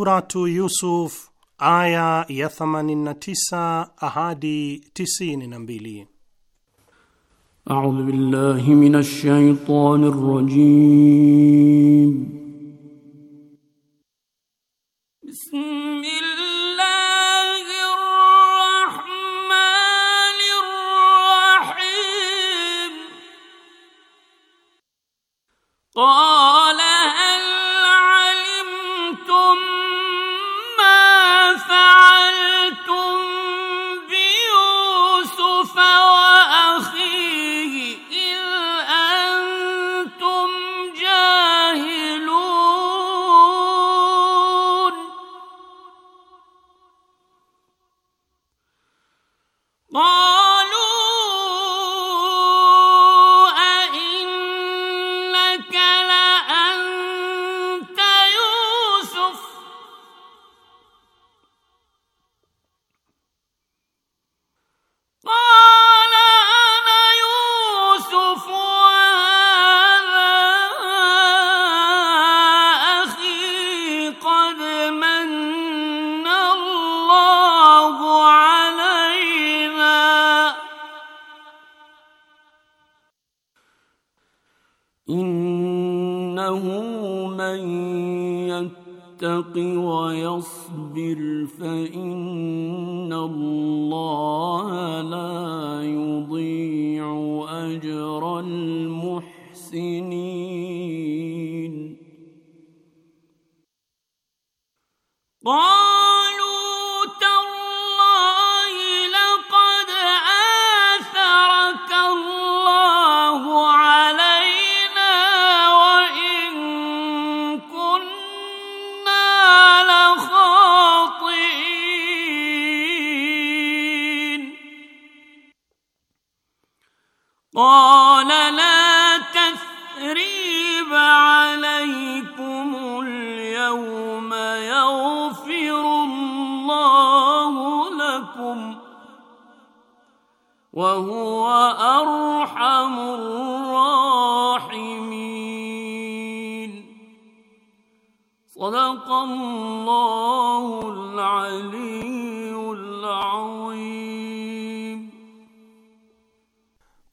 Suratu Yusuf aya ya 89 hadi 92. A'udhu billahi minash shaitanir rajim. Bismillah قال الله لا يضيع اجر المحسنين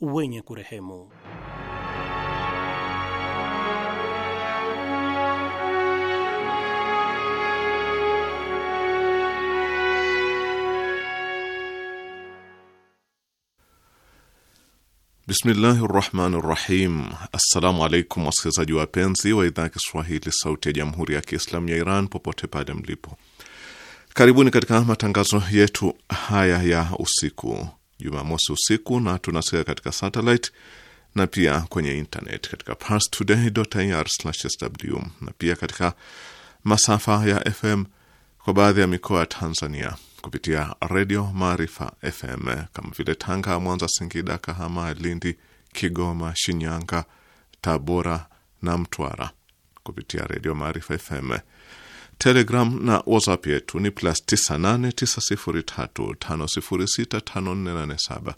wenye kurehemu. Bismillahi rahmani rahim. Assalamu alaikum wasikilizaji wapenzi wa idhaa ya Kiswahili sauti ya jamhuri ya Kiislamu ya Iran popote pale mlipo, karibuni katika matangazo yetu haya ya usiku. Jumamosi usiku, na tunasikia katika satellite na pia kwenye internet katika parstoday.ir/sw na pia katika masafa ya FM kwa baadhi ya mikoa ya Tanzania kupitia redio Maarifa FM kama vile Tanga, Mwanza, Singida, Kahama, Lindi, Kigoma, Shinyanga, Tabora na Mtwara kupitia redio Maarifa FM. Telegram na WhatsApp yetu ni plus 989035065487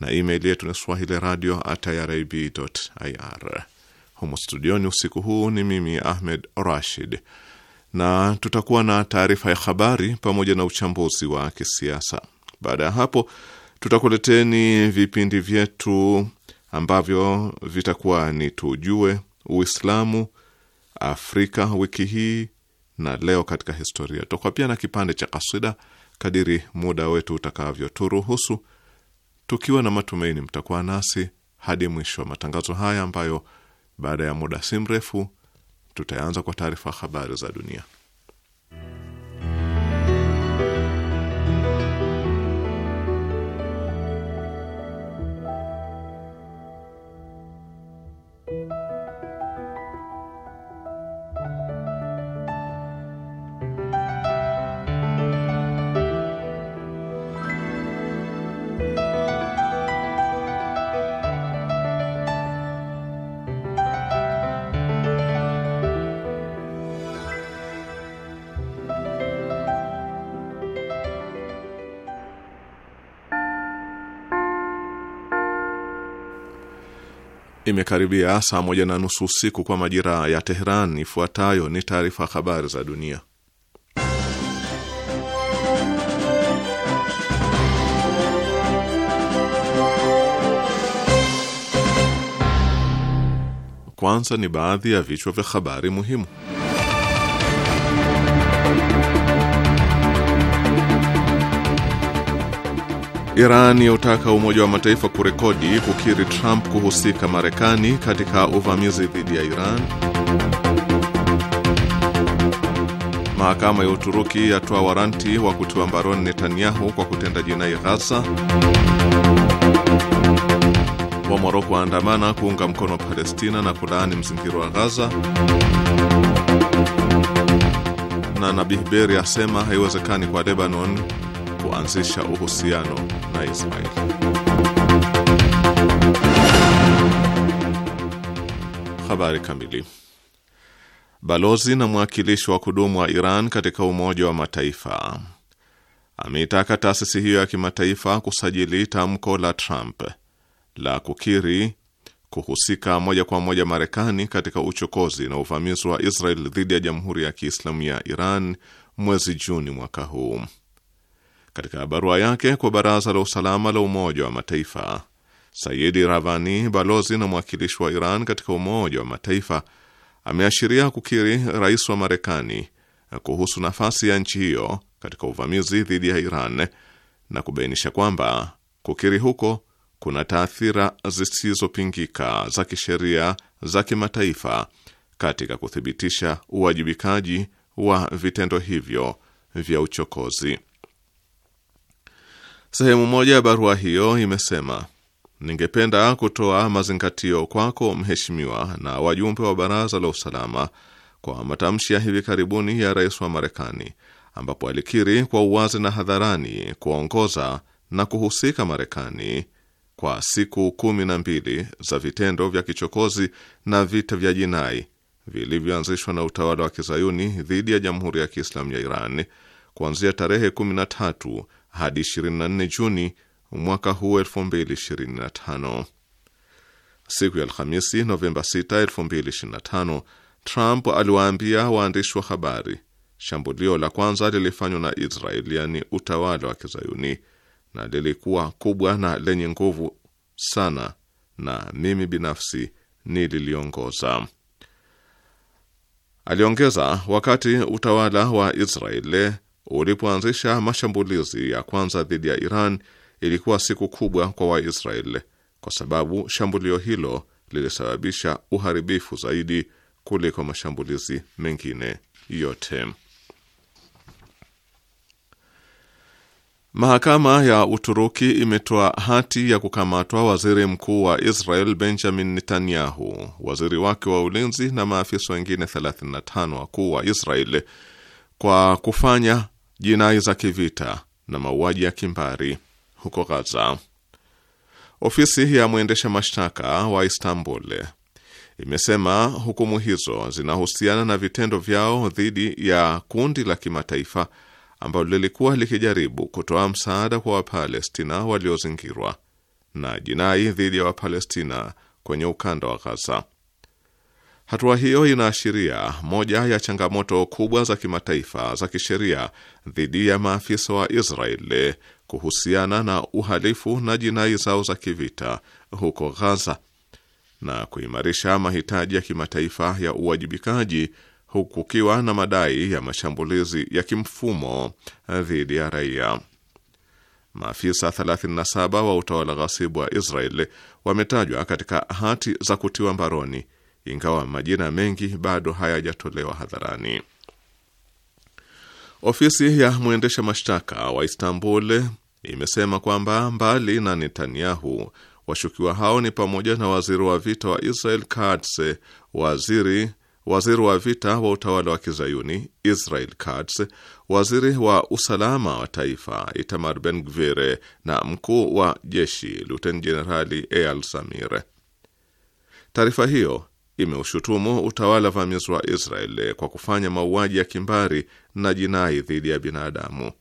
na email yetu ni swahili radio at irib ir. Humo studioni usiku huu ni mimi Ahmed Rashid, na tutakuwa na taarifa ya habari pamoja na uchambuzi wa kisiasa. Baada ya hapo, tutakuleteni vipindi vyetu ambavyo vitakuwa ni tujue Uislamu, Afrika wiki hii na leo katika historia. Tutakuwa pia na kipande cha kasida kadiri muda wetu utakavyoturuhusu, tukiwa na matumaini mtakuwa nasi hadi mwisho wa matangazo haya ambayo baada ya muda si mrefu tutaanza kwa taarifa habari za dunia. Imekaribia saa moja na nusu usiku kwa majira ya Teheran. Ifuatayo ni taarifa habari za dunia. Kwanza ni baadhi ya vichwa vya habari muhimu. Iran yautaka Umoja wa Mataifa kurekodi kukiri Trump kuhusika Marekani katika uvamizi dhidi ya Iran. Mahakama ya Uturuki yatoa waranti wa kutiwa mbaroni Netanyahu kwa kutenda jinai Ghaza. Wa waandamana kuunga mkono Palestina na kulaani mzingiro wa Ghaza. Na nabih beri asema haiwezekani kwa Lebanon kuanzisha uhusiano na Israeli. Habari kamili. Balozi na mwakilishi wa kudumu wa Iran katika Umoja wa Mataifa ameitaka taasisi hiyo ya kimataifa kusajili tamko la Trump la kukiri kuhusika moja kwa moja Marekani katika uchokozi na uvamizi wa Israel dhidi ya Jamhuri ya Kiislamu ya Iran mwezi Juni mwaka huu. Katika barua yake kwa Baraza la Usalama la Umoja wa Mataifa, Sayidi Ravani, balozi na mwakilishi wa Iran katika Umoja wa Mataifa, ameashiria kukiri rais wa Marekani kuhusu nafasi ya nchi hiyo katika uvamizi dhidi ya Iran na kubainisha kwamba kukiri huko kuna taathira zisizopingika za kisheria za kimataifa katika kuthibitisha uwajibikaji wa vitendo hivyo vya uchokozi. Sehemu moja ya barua hiyo imesema, ningependa kutoa mazingatio kwako mheshimiwa na wajumbe wa Baraza la Usalama kwa matamshi ya hivi karibuni ya rais wa Marekani ambapo alikiri kwa uwazi na hadharani kuongoza na kuhusika Marekani kwa siku kumi na mbili za vitendo vya kichokozi na vita vya jinai vilivyoanzishwa na utawala wa kizayuni dhidi ya Jamhuri ya Kiislamu ya Iran kuanzia tarehe 13 hadi 24 Juni mwaka huu 2025. Siku ya Alhamisi, Novemba 6, 2025, Trump aliwaambia waandishi wa habari shambulio la kwanza lilifanywa na Israel, yani utawala wa Kizayuni, na lilikuwa kubwa na lenye nguvu sana, na mimi binafsi nililiongoza. Aliongeza, wakati utawala wa israeli ulipoanzisha mashambulizi ya kwanza dhidi ya Iran ilikuwa siku kubwa kwa waisrael kwa sababu shambulio hilo lilisababisha uharibifu zaidi kuliko mashambulizi mengine yote. Mahakama ya Uturuki imetoa hati ya kukamatwa waziri mkuu wa Israel Benjamin Netanyahu, waziri wake wa ulinzi na maafisa wengine 35 wakuu wa Israel kwa kufanya jinai za kivita na mauaji ya kimbari huko Gaza. Ofisi ya mwendesha mashtaka wa Istanbul imesema hukumu hizo zinahusiana na vitendo vyao dhidi ya kundi la kimataifa ambalo lilikuwa likijaribu kutoa msaada kwa Wapalestina waliozingirwa na jinai dhidi ya Wapalestina kwenye ukanda wa Gaza. Hatua hiyo inaashiria moja ya changamoto kubwa za kimataifa za kisheria dhidi ya maafisa wa Israeli kuhusiana na uhalifu na jinai zao za kivita huko Gaza na kuimarisha mahitaji ya kimataifa ya uwajibikaji huku kukiwa na madai ya mashambulizi ya kimfumo dhidi ya raia. Maafisa 37 wa utawala ghasibu wa Israeli wametajwa katika hati za kutiwa mbaroni ingawa majina mengi bado hayajatolewa hadharani. Ofisi ya mwendesha mashtaka wa Istanbul imesema kwamba mbali na Netanyahu, washukiwa hao ni pamoja na waziri wa vita wa Israel Katz, waziri waziri wa vita wa utawala wa kizayuni Israel Katz, waziri wa usalama wa taifa Itamar Ben Gvir na mkuu wa jeshi Luten Jenerali Eyal Zamir. Taarifa hiyo imeushutumu utawala vamizi wa Israel kwa kufanya mauaji ya kimbari na jinai dhidi ya binadamu.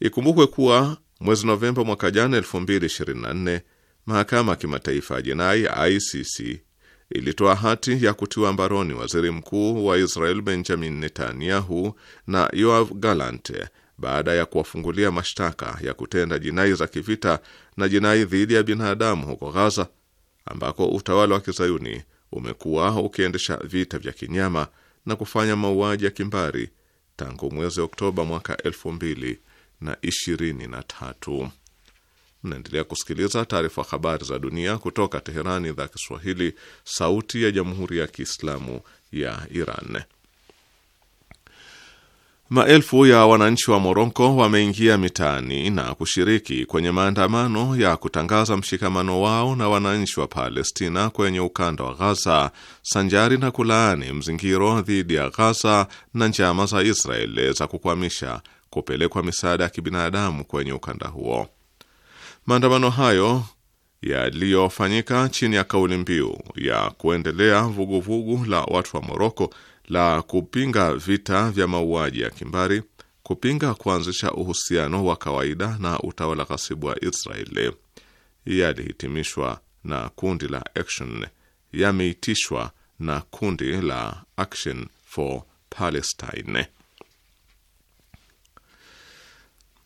Ikumbukwe kuwa mwezi Novemba mwaka jana 2024 mahakama ya kimataifa ya jinai ICC ilitoa hati ya kutiwa mbaroni waziri mkuu wa Israel Benjamin Netanyahu na Yoav Gallant baada ya kuwafungulia mashtaka ya kutenda jinai za kivita na jinai dhidi ya binadamu huko Gaza ambako utawala wa kizayuni umekuwa ukiendesha vita vya kinyama na kufanya mauaji ya kimbari tangu mwezi Oktoba mwaka elfu mbili na ishirini na tatu. Mnaendelea kusikiliza taarifa habari za dunia kutoka Teherani, idhaa Kiswahili, sauti ya jamhuri ya kiislamu ya Iran. Maelfu ya wananchi wa Moroko wameingia mitaani na kushiriki kwenye maandamano ya kutangaza mshikamano wao na wananchi wa Palestina kwenye ukanda wa Ghaza, sanjari na kulaani mzingiro dhidi ya Ghaza na njama za Israeli za kukwamisha kupelekwa misaada ya kibinadamu kwenye ukanda huo. Maandamano hayo yaliyofanyika chini ya kauli mbiu ya kuendelea vuguvugu vugu la watu wa Moroko la kupinga vita vya mauaji ya kimbari, kupinga kuanzisha uhusiano wa kawaida na utawala ghasibu wa Israeli yalihitimishwa na kundi la Action, yameitishwa na kundi la Action for Palestine,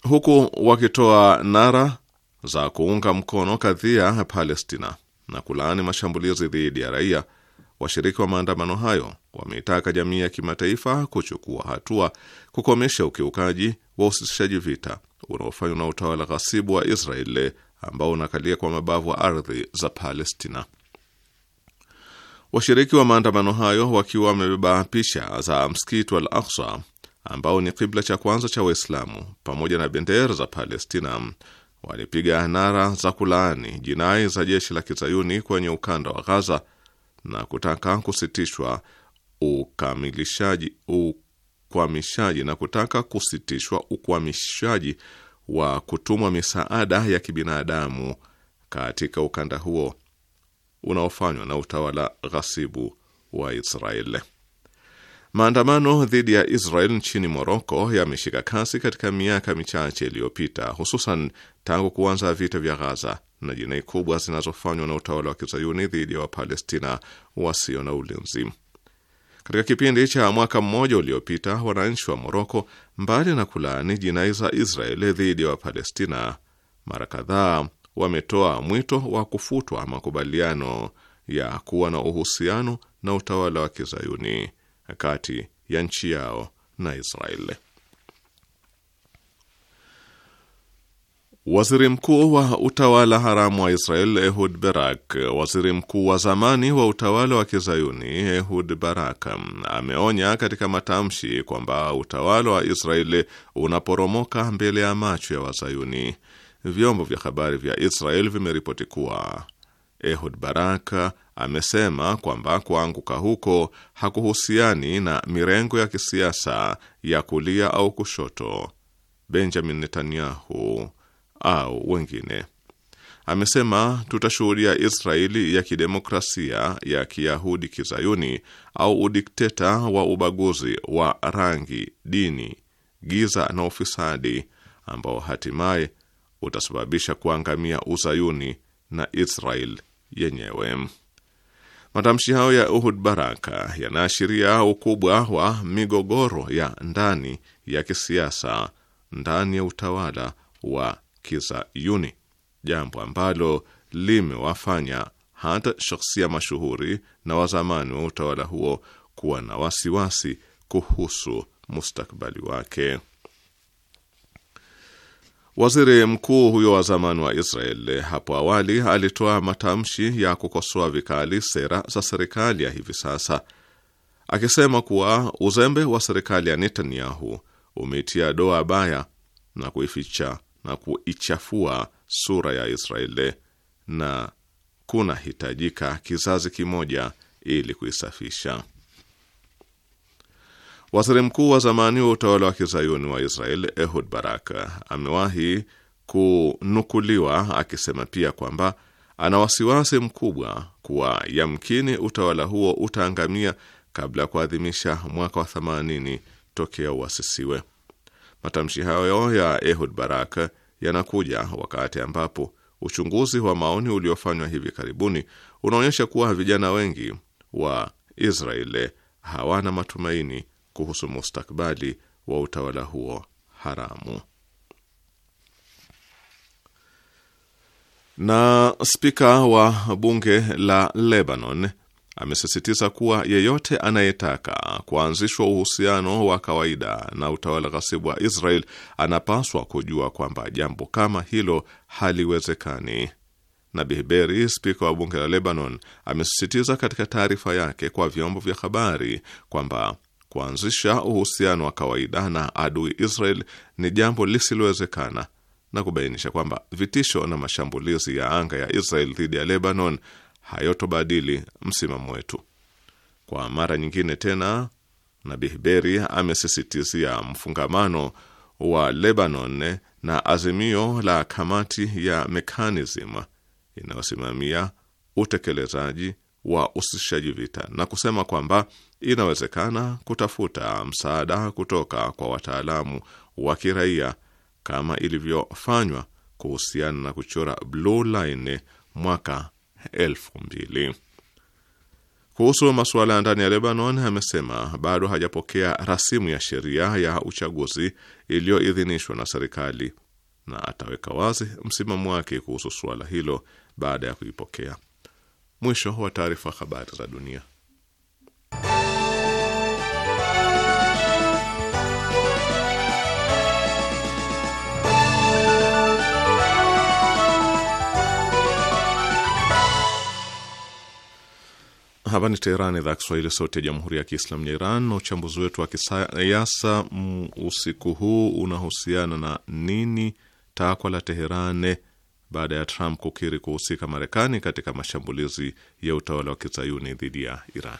huku wakitoa nara za kuunga mkono kadhia Palestina na kulaani mashambulizi dhidi ya raia. Washiriki wa maandamano hayo wameitaka jamii ya kimataifa kuchukua hatua kukomesha ukiukaji wa usitishaji vita unaofanywa na utawala ghasibu wa Israeli ambao unakalia kwa mabavu wa ardhi za Palestina. Washiriki wa maandamano hayo wakiwa wamebeba picha za msikiti wa Al Aksa ambao ni kibla cha kwanza cha Waislamu pamoja na bendera za Palestina walipiga nara za kulaani jinai za jeshi la kizayuni kwenye ukanda wa Ghaza na kutaka kusitishwa ukamilishaji, ukwamishaji na kutaka kusitishwa ukwamishaji wa kutumwa misaada ya kibinadamu katika ukanda huo unaofanywa na utawala ghasibu wa Israeli. Maandamano dhidi ya Israel nchini Moroko yameshika kasi katika miaka michache iliyopita, hususan tangu kuanza vita vya Ghaza na jinai kubwa zinazofanywa na utawala wa kizayuni dhidi ya Wapalestina wasio na ulinzi. Katika kipindi cha mwaka mmoja uliopita, wananchi wa Moroko, mbali na kulaani jinai za Israeli dhidi ya Wapalestina, mara kadhaa wametoa mwito wa kufutwa makubaliano ya kuwa na uhusiano na utawala wa kizayuni kati ya nchi yao na Israeli. Waziri mkuu wa utawala haramu wa Israel Ehud Barak, waziri mkuu wa zamani wa utawala wa kizayuni Ehud Barak ameonya katika matamshi kwamba utawala wa Israeli unaporomoka mbele ya macho ya wazayuni. Vyombo vya habari vya Israel vimeripoti kuwa Ehud Barak amesema kwamba kuanguka huko hakuhusiani na mirengo ya kisiasa ya kulia au kushoto. Benjamin Netanyahu au wengine. Amesema tutashuhudia Israeli ya kidemokrasia ya kiyahudi kizayuni au udikteta wa ubaguzi wa rangi, dini, giza na ufisadi ambao hatimaye utasababisha kuangamia uzayuni na Israel yenyewe. Matamshi hayo ya Uhud Baraka yanaashiria ukubwa wa migogoro ya ndani ya kisiasa ndani ya utawala wa yuni, jambo ambalo limewafanya hata shakhsia mashuhuri na wazamani wa utawala huo kuwa na wasiwasi kuhusu mustakbali wake. Waziri mkuu huyo wa zamani wa Israel hapo awali alitoa matamshi ya kukosoa vikali sera za serikali ya hivi sasa, akisema kuwa uzembe wa serikali ya Netanyahu umeitia doa baya na kuificha na kuichafua sura ya Israeli na kunahitajika kizazi kimoja ili kuisafisha. Waziri mkuu wa zamani wa utawala wa kizayuni wa Israel Ehud Barak amewahi kunukuliwa akisema pia kwamba ana wasiwasi mkubwa kuwa yamkini utawala huo utaangamia kabla ya kuadhimisha mwaka wa 80 tokea uasisiwe. Matamshi hayo ya Ehud Barak yanakuja wakati ambapo uchunguzi wa maoni uliofanywa hivi karibuni unaonyesha kuwa vijana wengi wa Israeli hawana matumaini kuhusu mustakbali wa utawala huo haramu. Na spika wa bunge la Lebanon amesisitiza kuwa yeyote anayetaka kuanzishwa uhusiano wa kawaida na utawala ghasibu wa Israel anapaswa kujua kwamba jambo kama hilo haliwezekani. Nabih Berri, spika wa bunge la Lebanon, amesisitiza katika taarifa yake kwa vyombo vya habari kwamba kuanzisha uhusiano wa kawaida na adui Israel ni jambo lisilowezekana na kubainisha kwamba vitisho na mashambulizi ya anga ya Israel dhidi ya Lebanon hayotobadili msimamo wetu. Kwa mara nyingine tena, Nabih Berri amesisitizia mfungamano wa Lebanon na azimio la kamati ya Mekanism inayosimamia utekelezaji wa usishaji vita na kusema kwamba inawezekana kutafuta msaada kutoka kwa wataalamu wa kiraia kama ilivyofanywa kuhusiana na kuchora blue line mwaka elfu mbili. Kuhusu masuala ya ndani ya Lebanon, amesema bado hajapokea rasimu ya sheria ya uchaguzi iliyoidhinishwa na serikali na ataweka wazi msimamo wake kuhusu suala hilo baada ya kuipokea. Mwisho wa taarifa. Habari za dunia. Hapa ni Teherani, idhaa Kiswahili, sauti ya jamhuri ya kiislamu ya Iran. Na uchambuzi wetu wa kisiasa usiku huu unahusiana na nini? Takwa la Teheran baada ya Trump kukiri kuhusika Marekani katika mashambulizi ya utawala wa kizayuni dhidi ya Iran.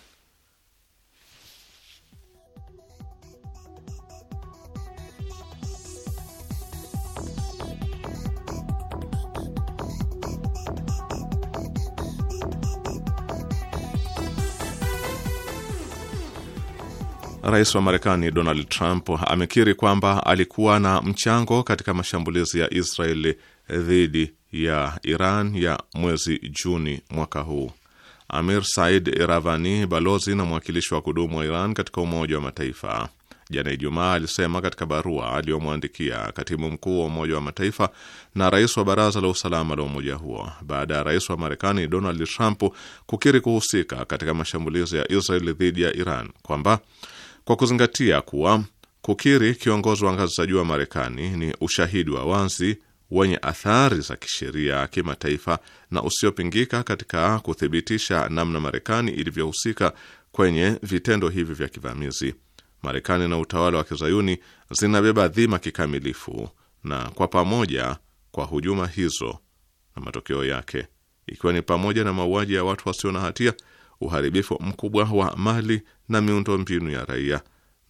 Rais wa Marekani Donald Trump amekiri kwamba alikuwa na mchango katika mashambulizi ya Israeli dhidi ya Iran ya mwezi Juni mwaka huu. Amir Said Iravani, balozi na mwakilishi wa kudumu wa Iran katika Umoja wa Mataifa, jana Ijumaa alisema katika barua aliyomwandikia katibu mkuu wa Umoja wa Mataifa na rais wa Baraza la Usalama la umoja huo baada ya rais wa Marekani Donald Trump kukiri kuhusika katika mashambulizi ya Israeli dhidi ya Iran kwamba kwa kuzingatia kuwa kukiri kiongozi wa ngazi za juu wa Marekani ni ushahidi wa wazi wenye athari za kisheria kimataifa na usiopingika katika kuthibitisha namna Marekani ilivyohusika kwenye vitendo hivi vya kivamizi. Marekani na utawala wa kizayuni zinabeba dhima kikamilifu na kwa pamoja kwa hujuma hizo na matokeo yake, ikiwa ni pamoja na mauaji ya watu wasio na hatia uharibifu mkubwa wa mali na miundo mbinu ya raia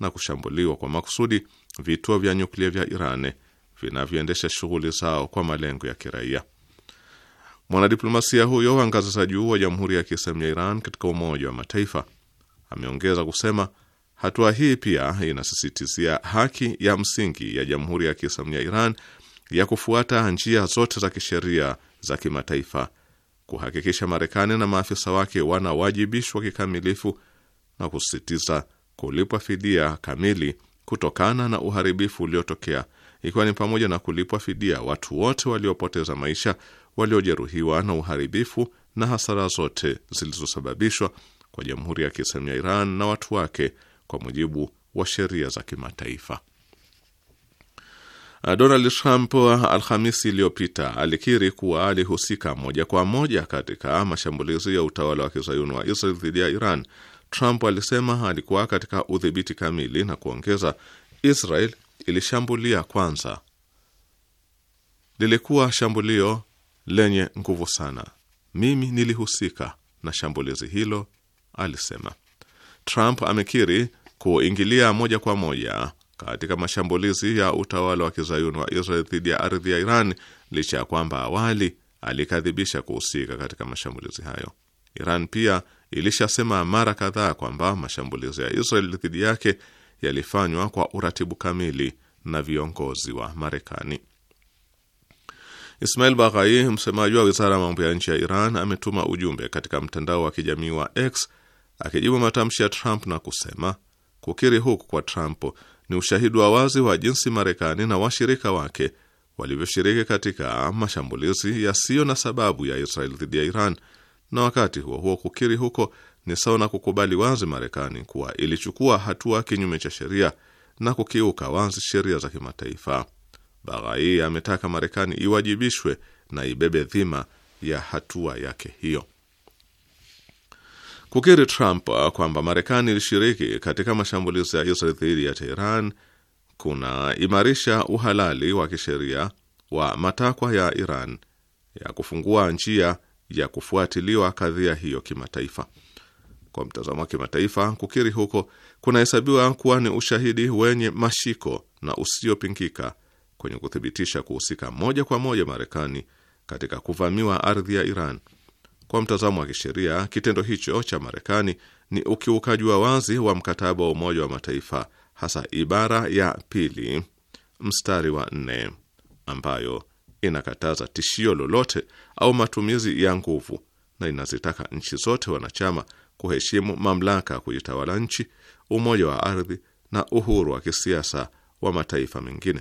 na kushambuliwa kwa makusudi vituo vya nyuklia vya Iran vinavyoendesha shughuli zao kwa malengo ya kiraia. Mwanadiplomasia huyo wa ngazi za juu wa Jamhuri ya Kiislamu ya Iran katika Umoja wa Mataifa ameongeza kusema hatua hii pia inasisitizia haki ya msingi ya Jamhuri ya Kiislamu ya Iran ya kufuata njia zote za kisheria za kimataifa kuhakikisha Marekani na maafisa wake wanawajibishwa kikamilifu na kusisitiza kulipwa fidia kamili kutokana na uharibifu uliotokea, ikiwa ni pamoja na kulipwa fidia watu wote waliopoteza maisha, waliojeruhiwa na uharibifu na hasara zote zilizosababishwa kwa Jamhuri ya Kiislamu ya Iran na watu wake kwa mujibu wa sheria za kimataifa. Uh, Donald Trump uh, Alhamisi iliyopita alikiri kuwa alihusika moja kwa moja katika mashambulizi ya utawala wa kizayuni wa Israel dhidi ya Iran. Trump alisema alikuwa katika udhibiti kamili na kuongeza, Israel ilishambulia kwanza, lilikuwa shambulio lenye nguvu sana, mimi nilihusika na shambulizi hilo, alisema. Trump amekiri kuingilia moja kwa moja katika mashambulizi ya utawala wa kizayuni wa Israel dhidi ya ardhi ya Iran licha ya kwamba awali alikadhibisha kuhusika katika mashambulizi hayo. Iran pia ilishasema mara kadhaa kwamba mashambulizi ya Israel dhidi yake yalifanywa kwa uratibu kamili na viongozi wa Marekani. Ismail Baghai, msemaji wa wizara ya mambo ya nje ya Iran, ametuma ujumbe katika mtandao wa kijamii wa X akijibu matamshi ya Trump na kusema kukiri huku kwa Trump ni ushahidi wa wazi wa jinsi Marekani na washirika wake walivyoshiriki katika mashambulizi yasiyo na sababu ya Israel dhidi ya Iran, na wakati huo huo kukiri huko ni sawa na kukubali wazi Marekani kuwa ilichukua hatua kinyume cha sheria na kukiuka wazi sheria za kimataifa. Baghai ametaka Marekani iwajibishwe na ibebe dhima ya hatua yake hiyo. Kukiri Trump kwamba Marekani ilishiriki katika mashambulizi ya Israel dhidi ya Teheran kunaimarisha uhalali wa kisheria wa matakwa ya Iran ya kufungua njia ya kufuatiliwa kadhia hiyo kimataifa. Kwa mtazamo wa kimataifa, kukiri huko kunahesabiwa kuwa ni ushahidi wenye mashiko na usiopingika kwenye kuthibitisha kuhusika moja kwa moja Marekani katika kuvamiwa ardhi ya Iran kwa mtazamo wa kisheria, kitendo hicho cha Marekani ni ukiukaji wa wazi wa mkataba wa Umoja wa Mataifa, hasa ibara ya pili mstari wa nne ambayo inakataza tishio lolote au matumizi ya nguvu na inazitaka nchi zote wanachama kuheshimu mamlaka ya kujitawala nchi, umoja wa ardhi na uhuru wa kisiasa wa mataifa mengine.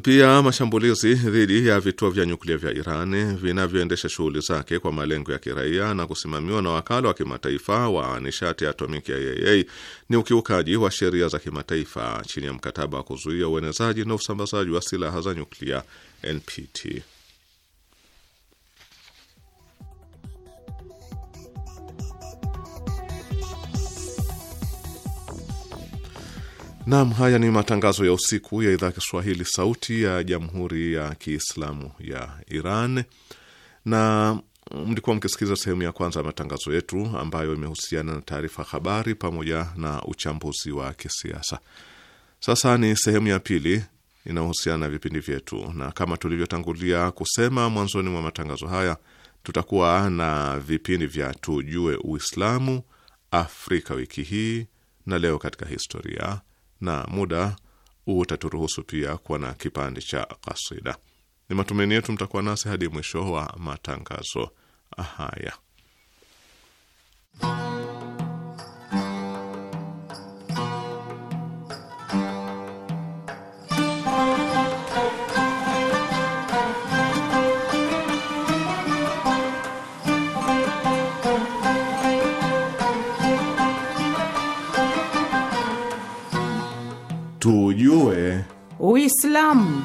Pia mashambulizi dhidi ya vituo vya nyuklia vya Iran vinavyoendesha shughuli zake kwa malengo ya kiraia na kusimamiwa na wakala wa kimataifa wa nishati ya atomiki ya IAEA ni ukiukaji wa sheria za kimataifa chini ya mkataba wa kuzuia uenezaji na usambazaji wa silaha za nyuklia NPT. Naam, haya ni matangazo ya usiku ya idhaa Kiswahili, sauti ya jamhuri ya kiislamu ya Iran, na mlikuwa mkisikiza sehemu ya kwanza ya matangazo yetu ambayo imehusiana na taarifa habari pamoja na uchambuzi wa kisiasa. Sasa ni sehemu ya pili inayohusiana na vipindi vyetu, na kama tulivyotangulia kusema mwanzoni mwa matangazo haya, tutakuwa na vipindi vya tujue Uislamu, Afrika wiki hii na leo katika historia na muda utaturuhusu pia kuwa na kipande cha kasida. Ni matumaini yetu mtakuwa nasi hadi mwisho wa matangazo haya. tujue Uislamu.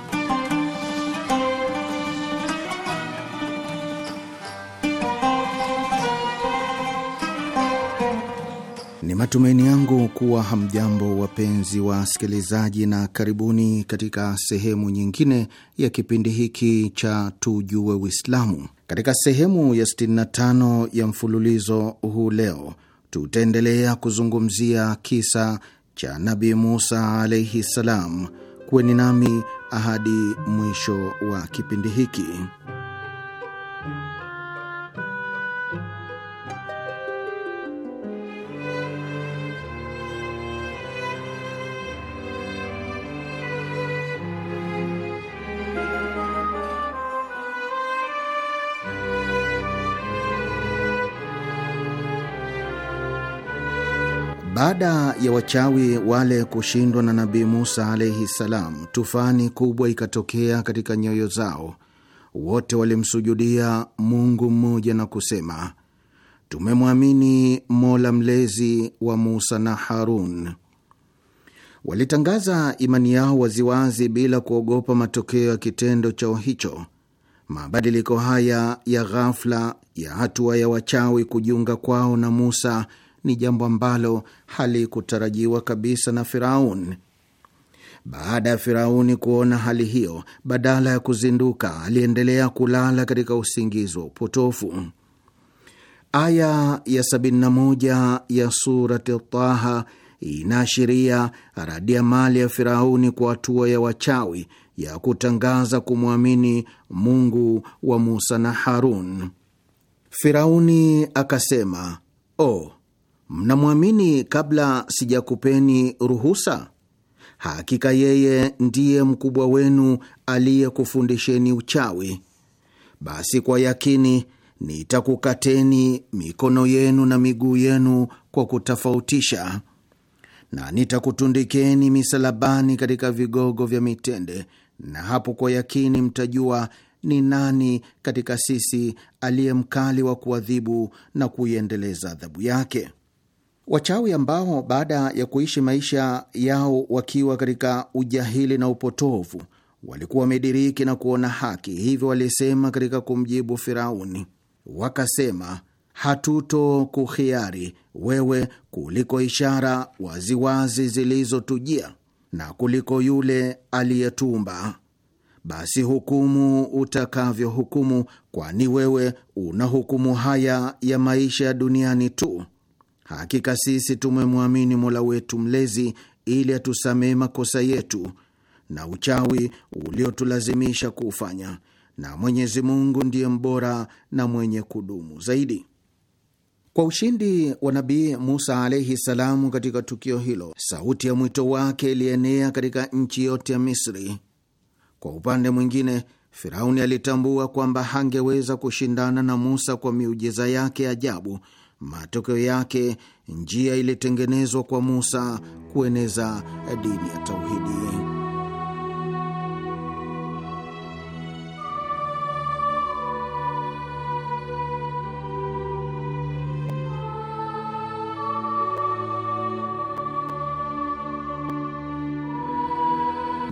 Ni matumaini yangu kuwa hamjambo wapenzi wa sikilizaji, na karibuni katika sehemu nyingine ya kipindi hiki cha tujue Uislamu. Katika sehemu ya 65 ya mfululizo huu leo tutaendelea kuzungumzia kisa cha Nabi Musa alaihi ssalam. Kuweni nami ahadi mwisho wa kipindi hiki. Baada ya wachawi wale kushindwa na Nabii Musa alaihi salam, tufani kubwa ikatokea katika nyoyo zao. Wote walimsujudia Mungu mmoja na kusema, tumemwamini Mola mlezi wa Musa na Harun. Walitangaza imani yao waziwazi bila kuogopa matokeo ya kitendo chao hicho. Mabadiliko haya ya ghafla ya hatua ya wachawi kujiunga kwao na Musa ni jambo ambalo halikutarajiwa kabisa na firaun Baada ya Firauni kuona hali hiyo, badala ya kuzinduka, aliendelea kulala katika usingizi wa upotofu. Aya ya 71 ya Surati Taha inaashiria mali ya Firauni kwa hatua ya wachawi ya kutangaza kumwamini Mungu wa Musa na Harun. Firauni akasema, o oh, mnamwamini kabla sijakupeni ruhusa? Hakika yeye ndiye mkubwa wenu aliyekufundisheni uchawi. Basi kwa yakini nitakukateni mikono yenu na miguu yenu kwa kutofautisha, na nitakutundikeni misalabani katika vigogo vya mitende, na hapo kwa yakini mtajua ni nani katika sisi aliye mkali wa kuadhibu na kuiendeleza adhabu yake. Wachawi ambao baada ya kuishi maisha yao wakiwa katika ujahili na upotovu walikuwa wamediriki na kuona haki, hivyo walisema katika kumjibu Firauni, wakasema hatuto kuhiari wewe kuliko ishara waziwazi zilizotujia na kuliko yule aliyetumba. Basi hukumu utakavyohukumu, kwani wewe una hukumu haya ya maisha ya duniani tu. Hakika sisi tumemwamini Mola wetu Mlezi ili atusamehe makosa yetu na uchawi uliotulazimisha kuufanya, na Mwenyezi Mungu ndiye mbora na mwenye kudumu zaidi. Kwa ushindi wa Nabii Musa alaihi salamu katika tukio hilo, sauti ya mwito wake ilienea katika nchi yote ya Misri. Kwa upande mwingine, Firauni alitambua kwamba hangeweza kushindana na Musa kwa miujiza yake ajabu Matokeo yake njia ilitengenezwa kwa Musa kueneza dini ya tauhidi.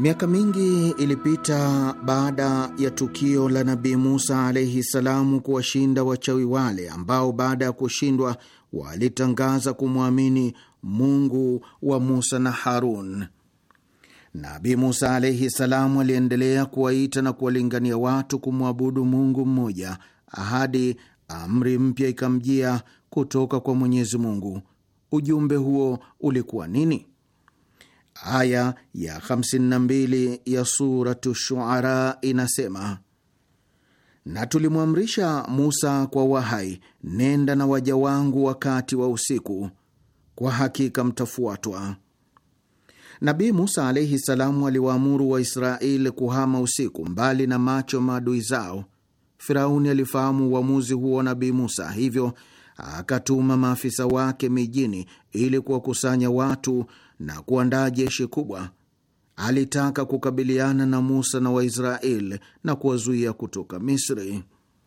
Miaka mingi ilipita baada ya tukio la Nabii Musa alaihi salamu kuwashinda wachawi wale ambao baada ya kushindwa walitangaza kumwamini Mungu wa Musa na Harun. Nabii Musa alaihi salamu aliendelea kuwaita na kuwalingania watu kumwabudu Mungu mmoja hadi amri mpya ikamjia kutoka kwa Mwenyezi Mungu. Ujumbe huo ulikuwa nini? Aya ya 52 ya Suratu Shuara inasema: na tulimwamrisha Musa kwa wahai, nenda na waja wangu wakati wa usiku, kwa hakika mtafuatwa. Nabii Musa alaihi salamu aliwaamuru Waisraeli kuhama usiku, mbali na macho maadui zao. Firauni alifahamu uamuzi huo nabii Musa, hivyo akatuma maafisa wake mijini ili kuwakusanya watu na kuandaa jeshi kubwa. Alitaka kukabiliana na Musa na Waisraeli na kuwazuia kutoka Misri.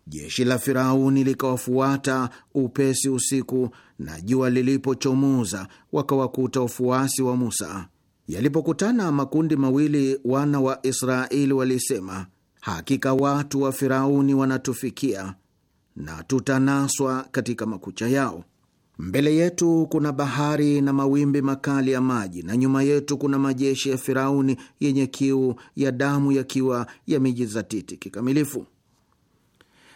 Jeshi la Firauni likawafuata upesi usiku, na jua lilipochomoza wakawakuta wafuasi wa Musa. Yalipokutana makundi mawili, wana wa Israeli walisema, hakika watu wa Firauni wanatufikia na tutanaswa katika makucha yao. Mbele yetu kuna bahari na mawimbi makali ya maji, na nyuma yetu kuna majeshi ya Firauni yenye kiu ya damu yakiwa yamejizatiti kikamilifu.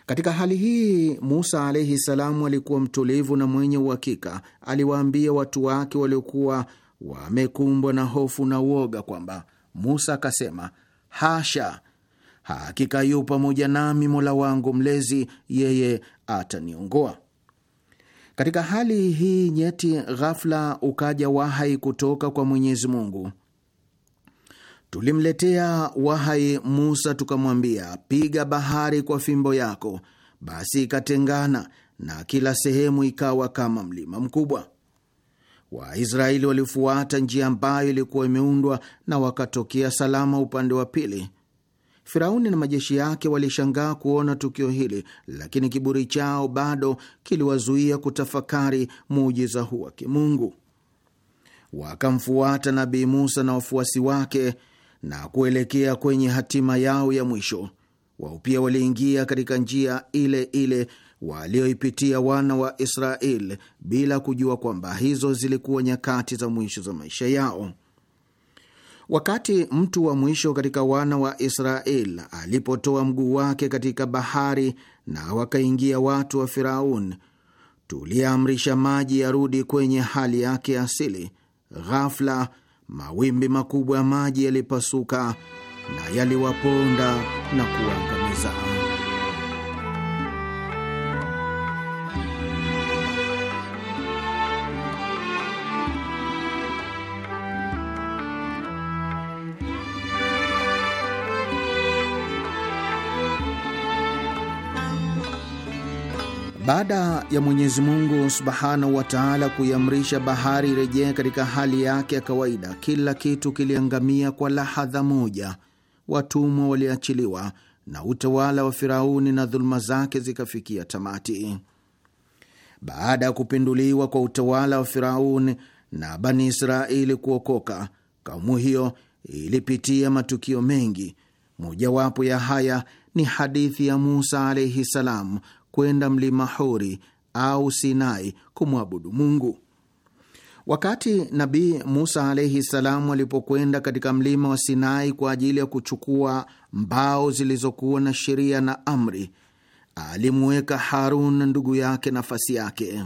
Katika hali hii Musa alaihi salamu alikuwa mtulivu na mwenye uhakika. Aliwaambia watu wake waliokuwa wamekumbwa na hofu na uoga kwamba Musa akasema, hasha, hakika yu pamoja nami Mola wangu Mlezi, yeye ataniongoa. Katika hali hii nyeti, ghafla ukaja wahai kutoka kwa Mwenyezi Mungu. Tulimletea wahai Musa tukamwambia, piga bahari kwa fimbo yako, basi ikatengana na kila sehemu ikawa kama mlima mkubwa. Waisraeli walifuata njia ambayo ilikuwa imeundwa na wakatokea salama upande wa pili. Firauni na majeshi yake walishangaa kuona tukio hili, lakini kiburi chao bado kiliwazuia kutafakari muujiza huu wa kimungu. Wakamfuata Nabii Musa na wafuasi wake na kuelekea kwenye hatima yao ya mwisho. Wao pia waliingia katika njia ile ile walioipitia wana wa Israeli bila kujua kwamba hizo zilikuwa nyakati za mwisho za maisha yao. Wakati mtu wa mwisho katika wana wa israel alipotoa mguu wake katika bahari na wakaingia watu wa Firaun, tuliamrisha maji yarudi kwenye hali yake asili. Ghafla mawimbi makubwa ya maji yalipasuka na yaliwaponda na kuangamiza. Baada ya Mwenyezi Mungu subhanahu wa taala kuiamrisha bahari irejee katika hali yake ya kawaida, kila kitu kiliangamia kwa lahadha moja. Watumwa waliachiliwa na utawala wa Firauni na dhuluma zake zikafikia tamati. Baada ya kupinduliwa kwa utawala wa Firauni na Bani Israeli kuokoka, kaumu hiyo ilipitia matukio mengi. Mojawapo ya haya ni hadithi ya Musa alaihi salam kwenda mlima Hori au Sinai kumwabudu Mungu. Wakati Nabii Musa alaihi salamu alipokwenda katika mlima wa Sinai kwa ajili ya kuchukua mbao zilizokuwa na sheria na amri, alimuweka Harun ndugu yake nafasi yake.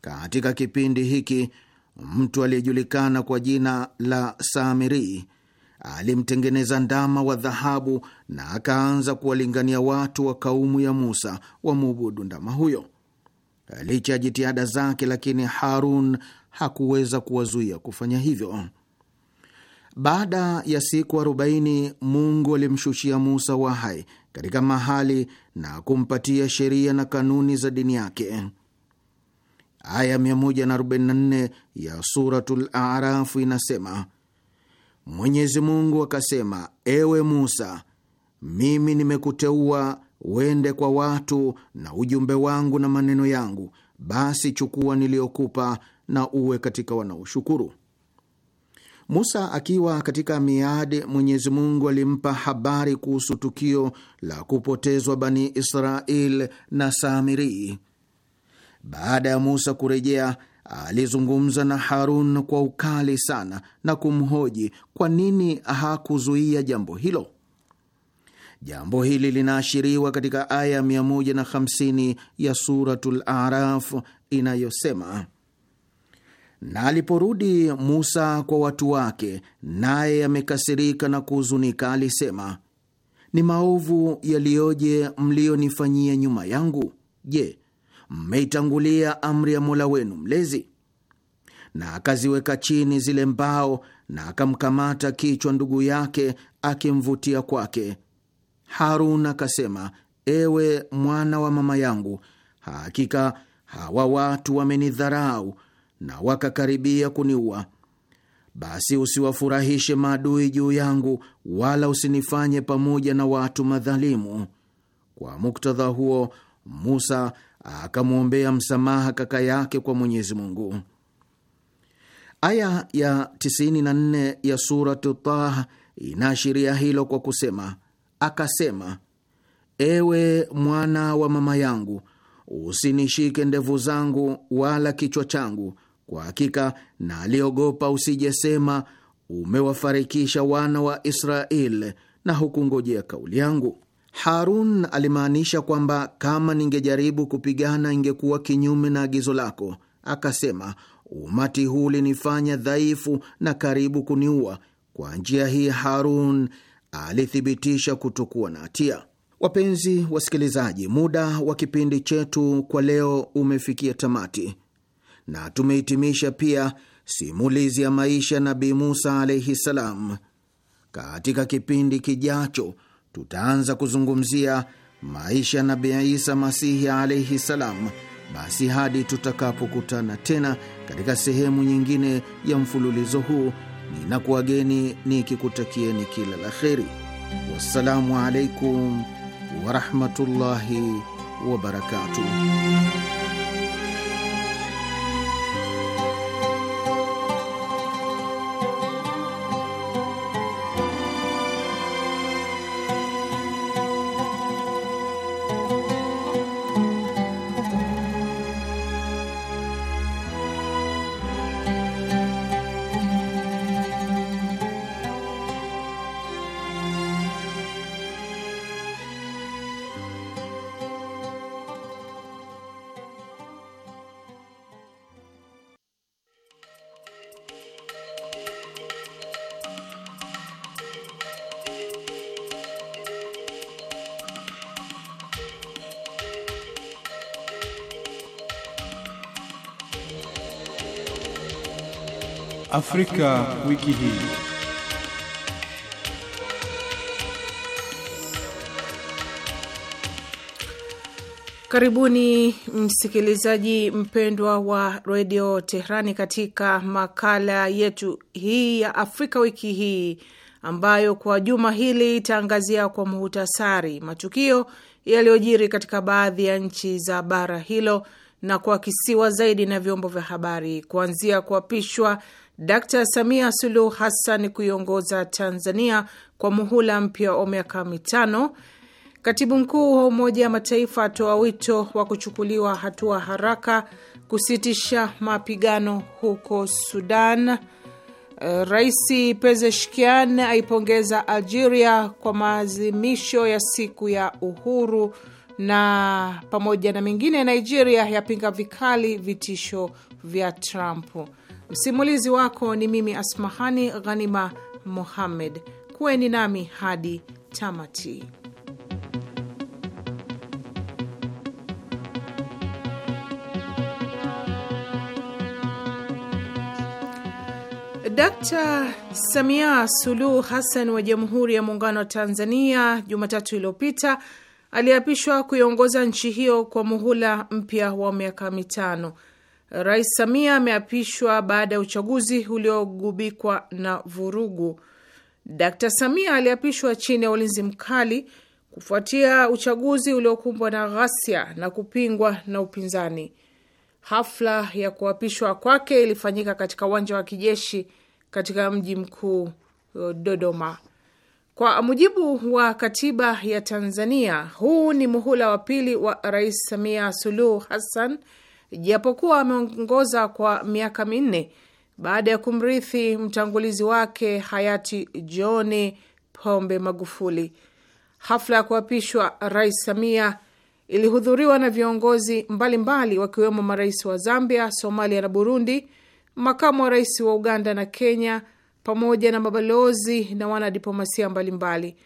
Katika kipindi hiki mtu aliyejulikana kwa jina la Samirii alimtengeneza ndama wa dhahabu na akaanza kuwalingania watu wa kaumu ya Musa wamwabudu ndama huyo. Licha ya jitihada zake, lakini Harun hakuweza kuwazuia kufanya hivyo. Baada ya siku 40 Mungu alimshushia Musa wahai katika mahali na kumpatia sheria na kanuni za dini yake. Aya 144 ya Suratul Arafu inasema Mwenyezi Mungu akasema, ewe Musa, mimi nimekuteua uende kwa watu na ujumbe wangu na maneno yangu, basi chukua niliyokupa na uwe katika wanaoshukuru. Musa akiwa katika miadi, Mwenyezi Mungu alimpa habari kuhusu tukio la kupotezwa Bani Israel na Samiri. Baada ya Musa kurejea, alizungumza na Harun kwa ukali sana na kumhoji kwa nini hakuzuia jambo hilo. Jambo hili linaashiriwa katika aya 150 ya Suratul Araf inayosema na aliporudi Musa kwa watu wake, naye amekasirika na kuhuzunika, alisema, ni maovu yaliyoje mliyonifanyia nyuma yangu. Je, mmeitangulia amri ya Mola wenu Mlezi. Na akaziweka chini zile mbao, na akamkamata kichwa ndugu yake akimvutia kwake. Harun akasema, ewe mwana wa mama yangu, hakika hawa watu wamenidharau na wakakaribia kuniua. Basi usiwafurahishe maadui juu yangu, wala usinifanye pamoja na watu madhalimu. Kwa muktadha huo, Musa akamwombea msamaha kaka yake kwa Mwenyezi Mungu. Aya ya 94 ya Suratu Taha inaashiria hilo kwa kusema, akasema: ewe mwana wa mama yangu, usinishike ndevu zangu wala kichwa changu, kwa hakika naliogopa usijesema umewafarikisha wana wa Israeli na hukungojea kauli yangu. Harun alimaanisha kwamba kama ningejaribu kupigana ingekuwa kinyume na agizo lako. Akasema, umati huu ulinifanya dhaifu na karibu kuniua. Kwa njia hii Harun alithibitisha kutokuwa na hatia. Wapenzi wasikilizaji, muda wa kipindi chetu kwa leo umefikia tamati na tumehitimisha pia simulizi ya maisha Nabii Musa alaihi salam. Katika kipindi kijacho tutaanza kuzungumzia maisha ya Nabii Isa Masihi alaihi salam. Basi hadi tutakapokutana tena katika sehemu nyingine ya mfululizo huu, ninakuwageni nikikutakieni kila la kheri. Wassalamu alaikum warahmatullahi wabarakatuh. Afrika wiki hii. Karibuni msikilizaji mpendwa wa redio Tehrani katika makala yetu hii ya Afrika wiki hii ambayo kwa juma hili itaangazia kwa muhtasari matukio yaliyojiri katika baadhi ya nchi za bara hilo na kuakisiwa zaidi na vyombo vya habari kuanzia kuapishwa Dkt Samia Suluhu Hassan kuiongoza Tanzania kwa muhula mpya wa miaka mitano. Katibu mkuu wa Umoja wa Mataifa atoa wito wa kuchukuliwa hatua haraka kusitisha mapigano huko Sudan. Eh, Rais Pezeshkian aipongeza Algeria kwa maadhimisho ya siku ya uhuru, na pamoja na mengine, Nigeria yapinga vikali vitisho vya Trump. Msimulizi wako ni mimi Asmahani Ghanima Muhammed. Kuweni nami hadi tamati. Dakta Samia Suluhu Hassan wa Jamhuri ya Muungano wa Tanzania Jumatatu iliyopita aliapishwa kuiongoza nchi hiyo kwa muhula mpya wa miaka mitano. Rais Samia ameapishwa baada ya uchaguzi uliogubikwa na vurugu. Dr Samia aliapishwa chini ya ulinzi mkali kufuatia uchaguzi uliokumbwa na ghasia na kupingwa na upinzani. Hafla ya kuapishwa kwake ilifanyika katika uwanja wa kijeshi katika mji mkuu uh, Dodoma. Kwa mujibu wa katiba ya Tanzania, huu ni muhula wa pili wa Rais Samia Suluhu Hassan japokuwa ameongoza kwa miaka minne baada ya kumrithi mtangulizi wake hayati John Pombe Magufuli. Hafla ya kuapishwa Rais Samia ilihudhuriwa na viongozi mbalimbali wakiwemo marais wa Zambia, Somalia na Burundi, makamu wa rais wa Uganda na Kenya, pamoja na mabalozi na wanadiplomasia mbalimbali.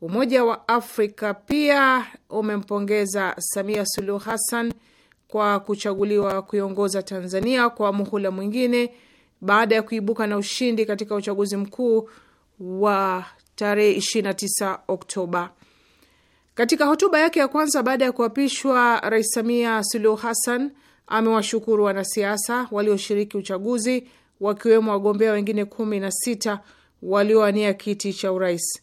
Umoja wa Afrika pia umempongeza Samia Suluhu Hassan kwa kuchaguliwa kuiongoza Tanzania kwa muhula mwingine baada ya kuibuka na ushindi katika uchaguzi mkuu wa tarehe 29 Oktoba. Katika hotuba yake ya kwanza baada ya kuapishwa, Rais Samia Suluhu Hassan amewashukuru wanasiasa walioshiriki uchaguzi wakiwemo wagombea wengine kumi na sita walioania kiti cha urais.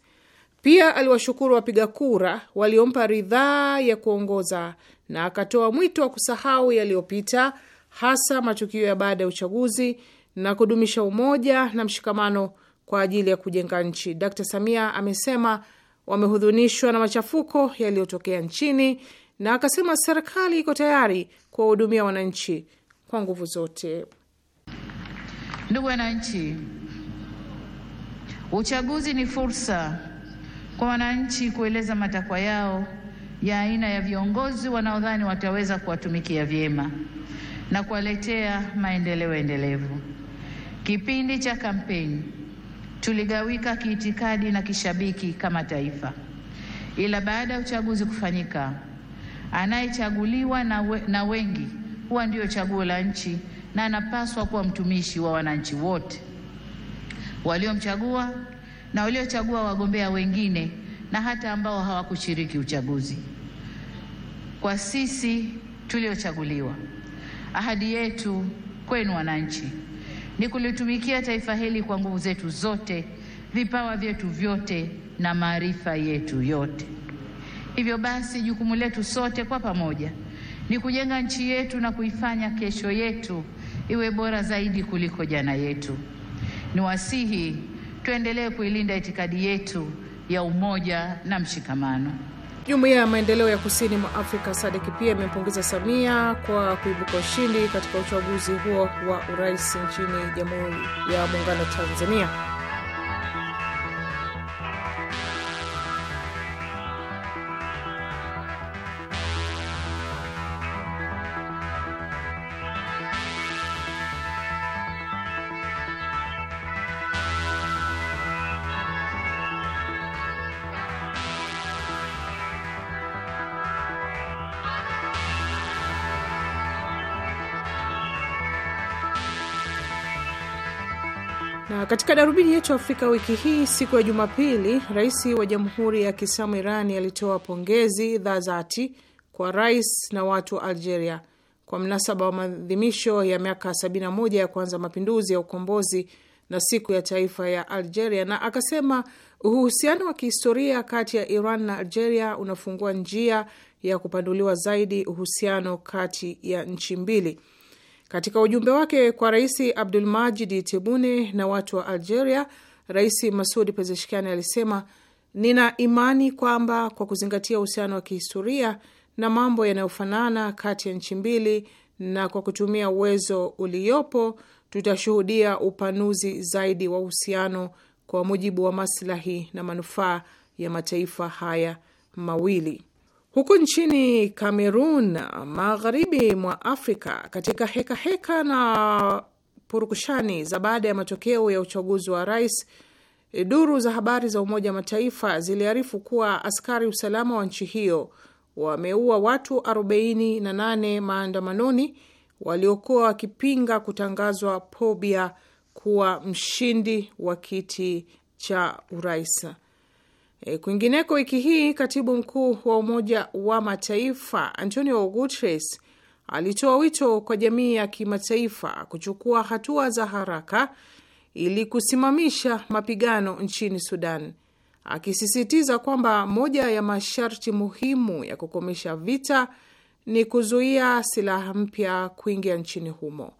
Pia aliwashukuru wapiga kura waliompa ridhaa ya kuongoza na akatoa mwito wa kusahau yaliyopita, hasa matukio ya baada ya uchaguzi na kudumisha umoja na mshikamano kwa ajili ya kujenga nchi. Dkt. Samia amesema wamehudhunishwa na machafuko yaliyotokea nchini na akasema serikali iko tayari kuwahudumia wananchi kwa nguvu zote. Ndugu wananchi, uchaguzi ni fursa kwa wananchi kueleza matakwa yao ya aina ya viongozi wanaodhani wataweza kuwatumikia vyema na kuwaletea maendeleo endelevu. Kipindi cha kampeni tuligawika kiitikadi na kishabiki kama taifa, ila baada ya uchaguzi kufanyika, anayechaguliwa na, we, na wengi huwa ndio chaguo la nchi na anapaswa kuwa mtumishi wa wananchi wote waliomchagua na waliochagua wagombea wengine na hata ambao hawakushiriki uchaguzi. Kwa sisi tuliochaguliwa, ahadi yetu kwenu wananchi ni kulitumikia taifa hili kwa nguvu zetu zote, vipawa vyetu vyote na maarifa yetu yote. Hivyo basi, jukumu letu sote kwa pamoja ni kujenga nchi yetu na kuifanya kesho yetu iwe bora zaidi kuliko jana yetu. Niwasihi tuendelee kuilinda itikadi yetu ya umoja na mshikamano. Jumuiya ya maendeleo ya kusini mwa Afrika SADC pia imempongeza Samia kwa kuibuka ushindi katika uchaguzi huo wa urais nchini Jamhuri ya Muungano wa Tanzania. Katika darubini yetu Afrika wiki hii, siku ya Jumapili, rais wa Jamhuri ya Kiislamu Irani alitoa pongezi dha dhati kwa rais na watu wa Algeria kwa mnasaba wa maadhimisho ya miaka 71 ya kuanza mapinduzi ya ukombozi na siku ya taifa ya Algeria, na akasema uhusiano wa kihistoria kati ya Iran na Algeria unafungua njia ya kupanduliwa zaidi uhusiano kati ya nchi mbili. Katika ujumbe wake kwa Rais abdul majidi Tebune na watu wa Algeria, Rais Masudi Pezeshkiani alisema nina imani kwamba kwa kuzingatia uhusiano wa kihistoria na mambo yanayofanana kati ya nchi mbili na kwa kutumia uwezo uliopo tutashuhudia upanuzi zaidi wa uhusiano kwa mujibu wa maslahi na manufaa ya mataifa haya mawili. Huku nchini Kamerun, magharibi mwa Afrika, katika heka heka na purukushani za baada ya matokeo ya uchaguzi wa rais, duru za habari za Umoja wa Mataifa ziliarifu kuwa askari usalama wa nchi hiyo wameua watu 48 maandamanoni waliokuwa wakipinga kutangazwa Pobia kuwa mshindi wa kiti cha urais. E, kwingineko, wiki hii katibu mkuu wa Umoja wa Mataifa Antonio Guterres alitoa wito kwa jamii ya kimataifa kuchukua hatua za haraka ili kusimamisha mapigano nchini Sudan, akisisitiza kwamba moja ya masharti muhimu ya kukomesha vita ni kuzuia silaha mpya kuingia nchini humo.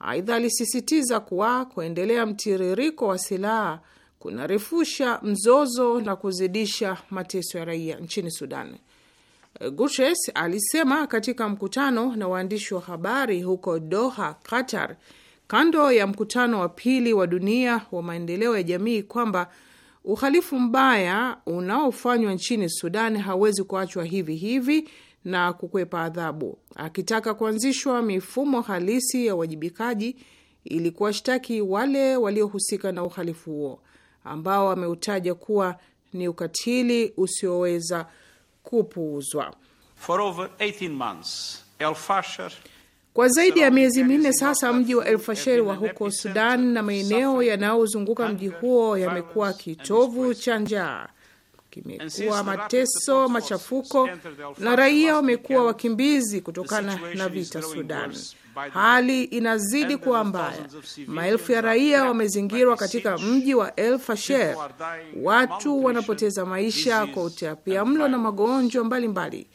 Aidha, alisisitiza kuwa kuendelea mtiririko wa silaha kunarefusha mzozo na kuzidisha mateso ya raia nchini Sudan. Guterres alisema katika mkutano na waandishi wa habari huko Doha, Qatar, kando ya mkutano wa pili wa dunia wa maendeleo ya jamii kwamba uhalifu mbaya unaofanywa nchini Sudan hawezi kuachwa hivi hivi na kukwepa adhabu, akitaka kuanzishwa mifumo halisi ya uwajibikaji ili kuwashtaki wale waliohusika na uhalifu huo ambao ameutaja kuwa ni ukatili usioweza kupuuzwa. Kwa zaidi ya miezi minne sasa, mji wa elfasher wa huko Sudan na maeneo yanayozunguka mji huo yamekuwa kitovu cha njaa, kimekuwa mateso, machafuko, na raia wamekuwa wakimbizi kutokana na vita Sudan. Hali inazidi kuwa mbaya. Maelfu ya raia wamezingirwa katika mji wa El Fasher, watu wanapoteza maisha kwa utapia mlo na magonjwa mbalimbali.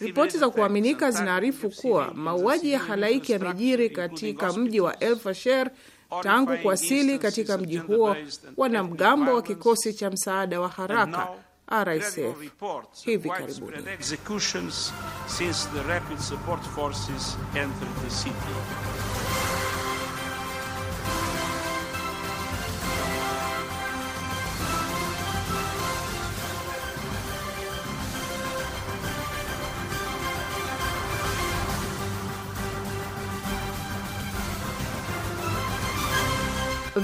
Ripoti za kuaminika zinaarifu kuwa mauaji ya halaiki yamejiri katika mji wa El Fasher tangu kuwasili katika mji huo wanamgambo wa kikosi cha msaada wa haraka RSF hivi karibuni.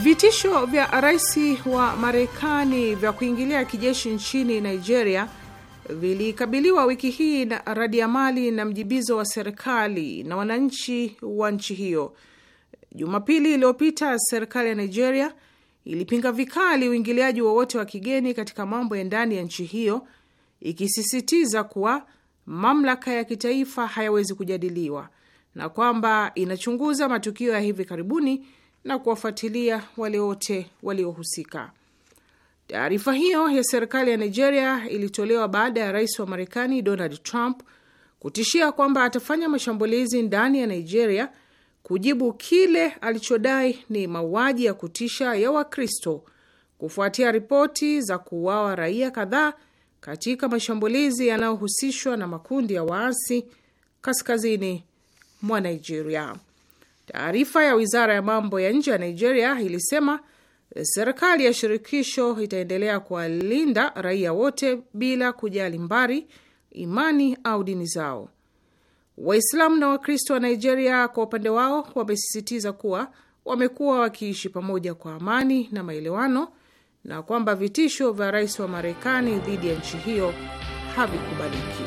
Vitisho vya rais wa Marekani vya kuingilia kijeshi nchini Nigeria vilikabiliwa wiki hii na radiamali na mjibizo wa serikali na wananchi wa nchi hiyo. Jumapili iliyopita, serikali ya Nigeria ilipinga vikali uingiliaji wowote wa kigeni katika mambo ya ndani ya nchi hiyo, ikisisitiza kuwa mamlaka ya kitaifa hayawezi kujadiliwa na kwamba inachunguza matukio ya hivi karibuni na kuwafuatilia wale wote waliohusika. Taarifa hiyo ya serikali ya Nigeria ilitolewa baada ya rais wa Marekani Donald Trump kutishia kwamba atafanya mashambulizi ndani ya Nigeria kujibu kile alichodai ni mauaji ya kutisha ya Wakristo kufuatia ripoti za kuuawa raia kadhaa katika mashambulizi yanayohusishwa na makundi ya waasi kaskazini mwa Nigeria. Taarifa ya wizara ya mambo ya nje ya Nigeria ilisema eh, serikali ya shirikisho itaendelea kuwalinda raia wote bila kujali mbari, imani au dini zao. Waislamu na Wakristo wa Nigeria kwa upande wao wamesisitiza kuwa wamekuwa wakiishi pamoja kwa amani na maelewano na kwamba vitisho vya rais wa Marekani dhidi ya nchi hiyo havikubaliki.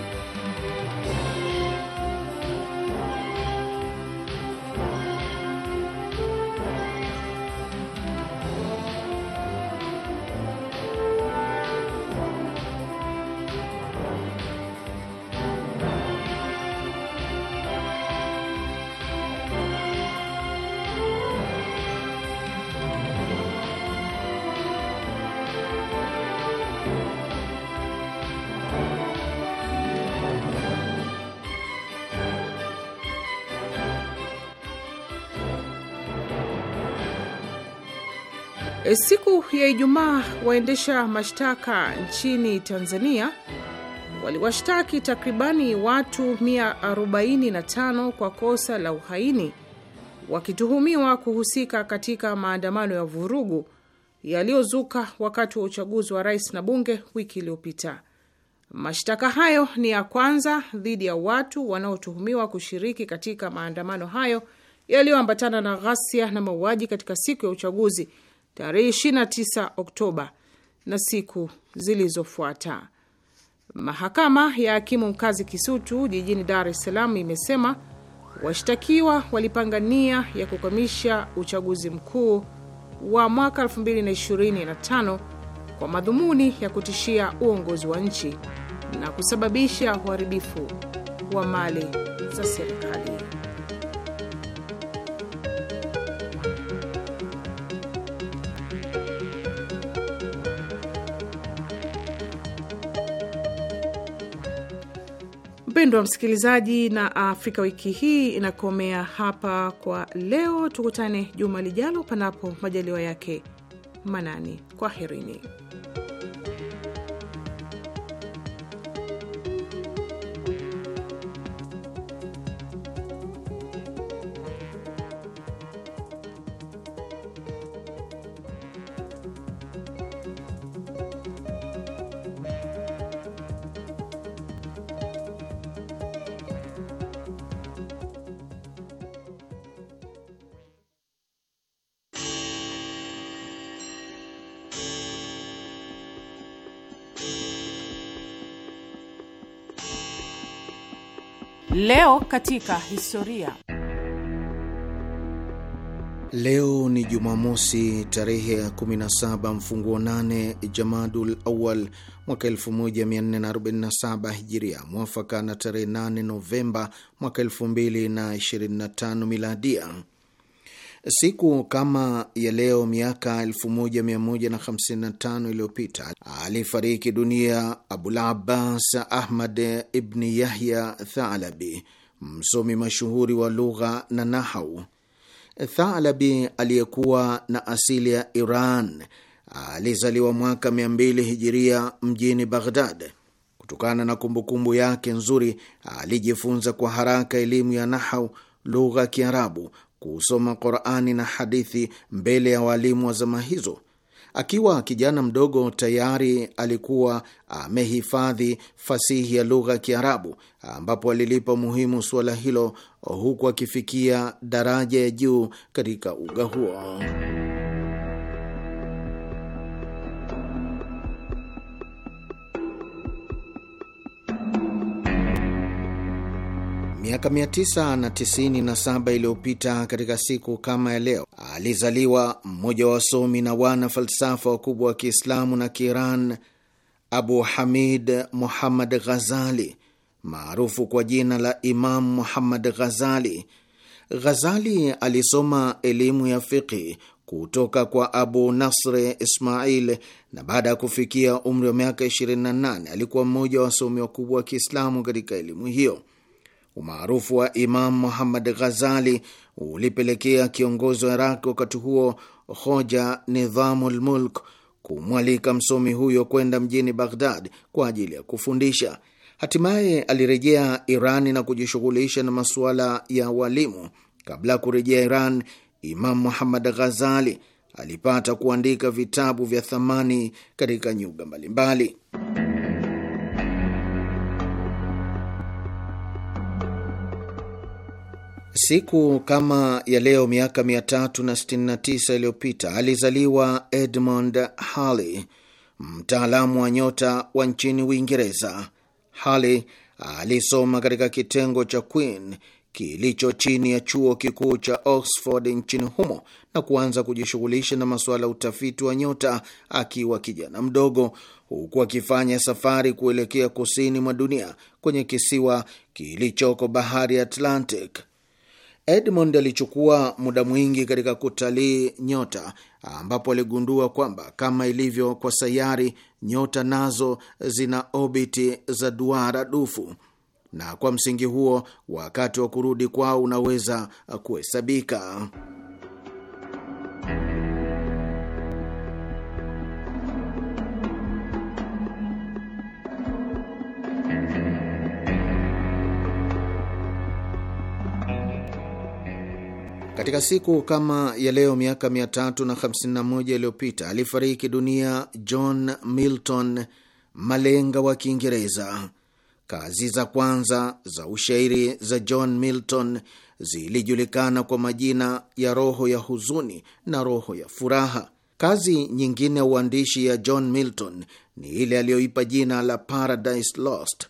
E, siku ya Ijumaa, waendesha mashtaka nchini Tanzania waliwashtaki takribani watu 145 kwa kosa la uhaini, wakituhumiwa kuhusika katika maandamano ya vurugu yaliyozuka wakati wa uchaguzi wa rais na bunge wiki iliyopita. Mashtaka hayo ni ya kwanza dhidi ya watu wanaotuhumiwa kushiriki katika maandamano hayo yaliyoambatana na ghasia na mauaji katika siku ya uchaguzi tarehe 29 Oktoba na siku zilizofuata. Mahakama ya hakimu mkazi Kisutu jijini Dar es Salaam imesema washtakiwa walipanga nia ya kukwamisha uchaguzi mkuu wa mwaka 2025 kwa madhumuni ya kutishia uongozi wa nchi na kusababisha uharibifu wa mali za serikali. Mpendwa msikilizaji, na Afrika wiki hii inakomea hapa kwa leo. Tukutane juma lijalo, panapo majaliwa yake Manani. Kwaherini. Leo katika historia. Leo ni Jumamosi tarehe ya 17 mfunguo 8 Jamadul Awal mwaka 1447 Hijiria, mwafaka na tarehe 8 Novemba mwaka 2025 Miladia. Siku kama ya leo miaka 1155 iliyopita alifariki dunia Abul Abbas Ahmad ibni Yahya Thalabi, msomi mashuhuri wa lugha na nahau. Thalabi aliyekuwa na asili ya Iran alizaliwa mwaka 200 hijiria mjini Baghdad. Kutokana na kumbukumbu yake nzuri, alijifunza kwa haraka elimu ya nahau, lugha ya Kiarabu, kusoma Qurani na hadithi mbele ya waalimu wa zama hizo. Akiwa kijana mdogo tayari alikuwa amehifadhi fasihi ya lugha ya Kiarabu, ambapo alilipa umuhimu suala hilo huku akifikia daraja ya juu katika uga huo. Miaka 997 iliyopita katika siku kama ya leo alizaliwa mmoja wa wasomi na wana falsafa wakubwa wa Kiislamu na Kiiran, Abu Hamid Muhammad Ghazali maarufu kwa jina la Imam Muhammad Ghazali. Ghazali alisoma elimu ya fiqhi kutoka kwa Abu nasri Ismail na baada ya kufikia umri wa miaka 28 alikuwa mmoja wa wasomi wakubwa wa Kiislamu katika elimu hiyo. Umaarufu wa imam Muhammad Ghazali ulipelekea kiongozi wa Iraq wakati huo hoja Nidhamul Mulk kumwalika msomi huyo kwenda mjini Baghdad kwa ajili ya kufundisha. Hatimaye alirejea iran na kujishughulisha na masuala ya walimu. Kabla ya kurejea Iran, imam Muhammad Ghazali alipata kuandika vitabu vya thamani katika nyuga mbalimbali. Siku kama ya leo miaka 369 iliyopita alizaliwa Edmund Halley, mtaalamu wa nyota wa nchini Uingereza. Halley alisoma katika kitengo cha Queen kilicho chini ya chuo kikuu cha Oxford nchini humo na kuanza kujishughulisha na masuala ya utafiti wa nyota akiwa kijana mdogo, huku akifanya safari kuelekea kusini mwa dunia kwenye kisiwa kilichoko bahari Atlantic. Edmond alichukua muda mwingi katika kutalii nyota, ambapo aligundua kwamba kama ilivyo kwa sayari, nyota nazo zina obiti za duara dufu, na kwa msingi huo wakati wa kurudi kwao unaweza kuhesabika. Katika siku kama ya leo miaka 351 iliyopita alifariki dunia John Milton, malenga wa Kiingereza. Kazi za kwanza za ushairi za John Milton zilijulikana kwa majina ya Roho ya Huzuni na Roho ya Furaha. Kazi nyingine ya uandishi ya John Milton ni ile aliyoipa jina la Paradise Lost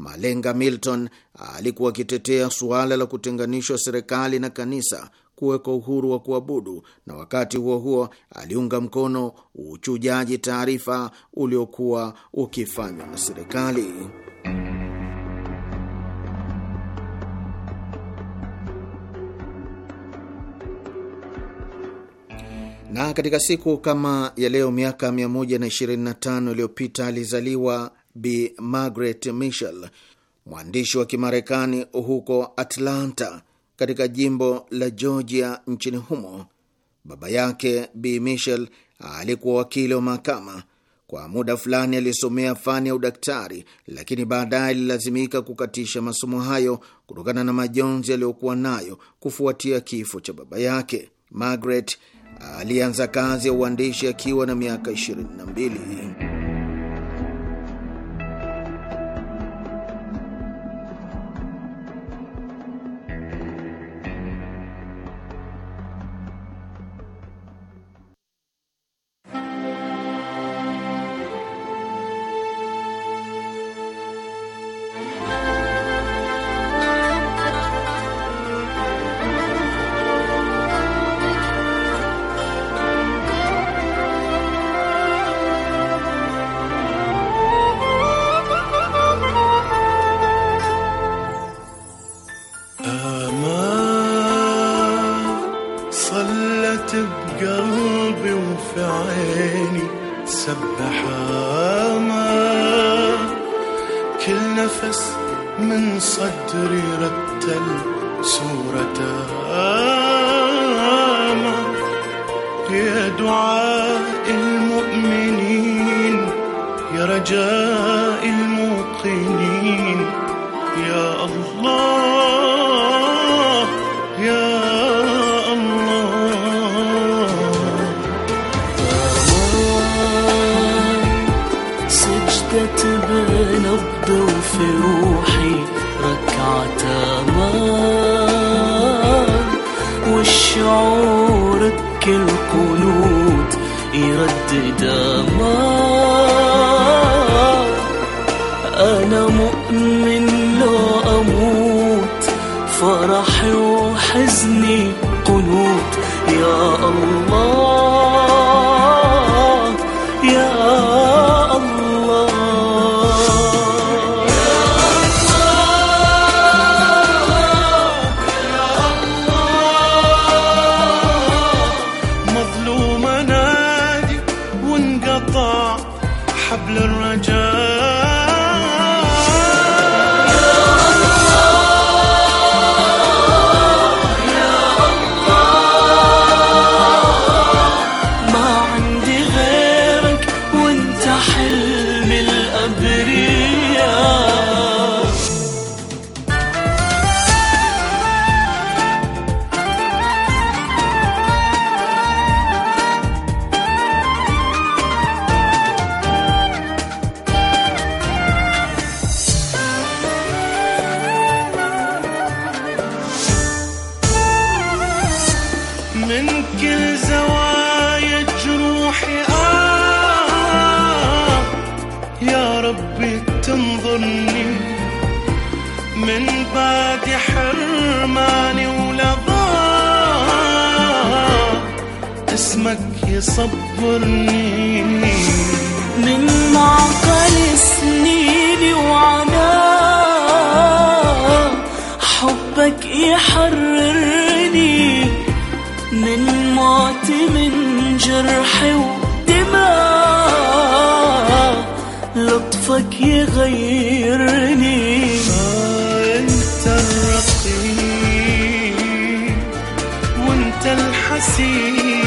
Malenga Milton alikuwa akitetea suala la kutenganishwa serikali na kanisa, kuwekwa uhuru wa kuabudu, na wakati huo huo aliunga mkono uchujaji taarifa uliokuwa ukifanywa na serikali. Na katika siku kama ya leo miaka 125 iliyopita alizaliwa Bi Margaret Mitchell, mwandishi wa Kimarekani huko Atlanta katika jimbo la Georgia nchini humo. Baba yake Bi Mitchell alikuwa wakili wa mahakama. Kwa muda fulani alisomea fani ya udaktari, lakini baadaye alilazimika kukatisha masomo hayo kutokana na majonzi aliyokuwa nayo kufuatia kifo cha baba yake. Margaret alianza kazi ya uandishi akiwa na miaka 22. في روحي ركعة أمان والشعور بكل قنوت يردد أمان أنا مؤمن لو أموت فرحي وحزني قنوت يا الله طلعت من جرحي ودماء لطفك يغيرني انت الرقيب وانت الحسين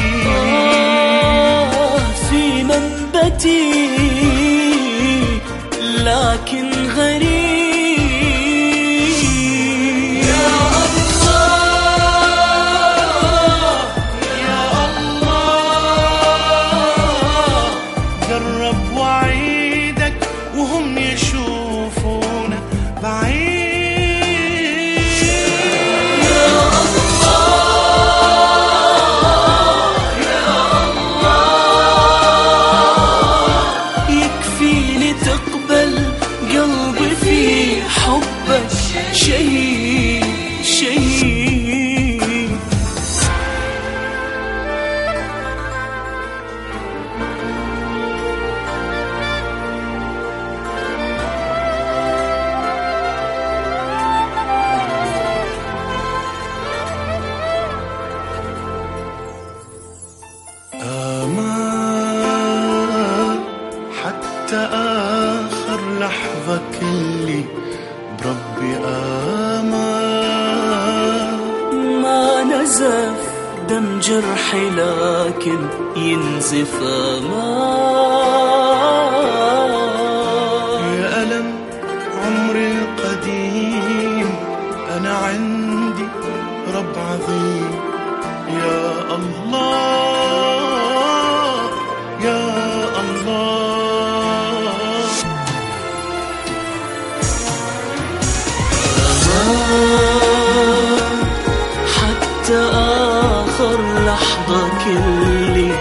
حظك اللي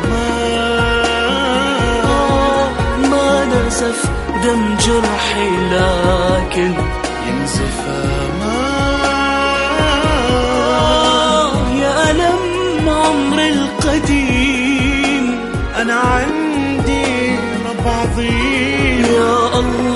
بأمان ما نزف دم جرحي لكن ينزف أمان يا ألم عمري القديم أنا عندي رب عظيم يا الله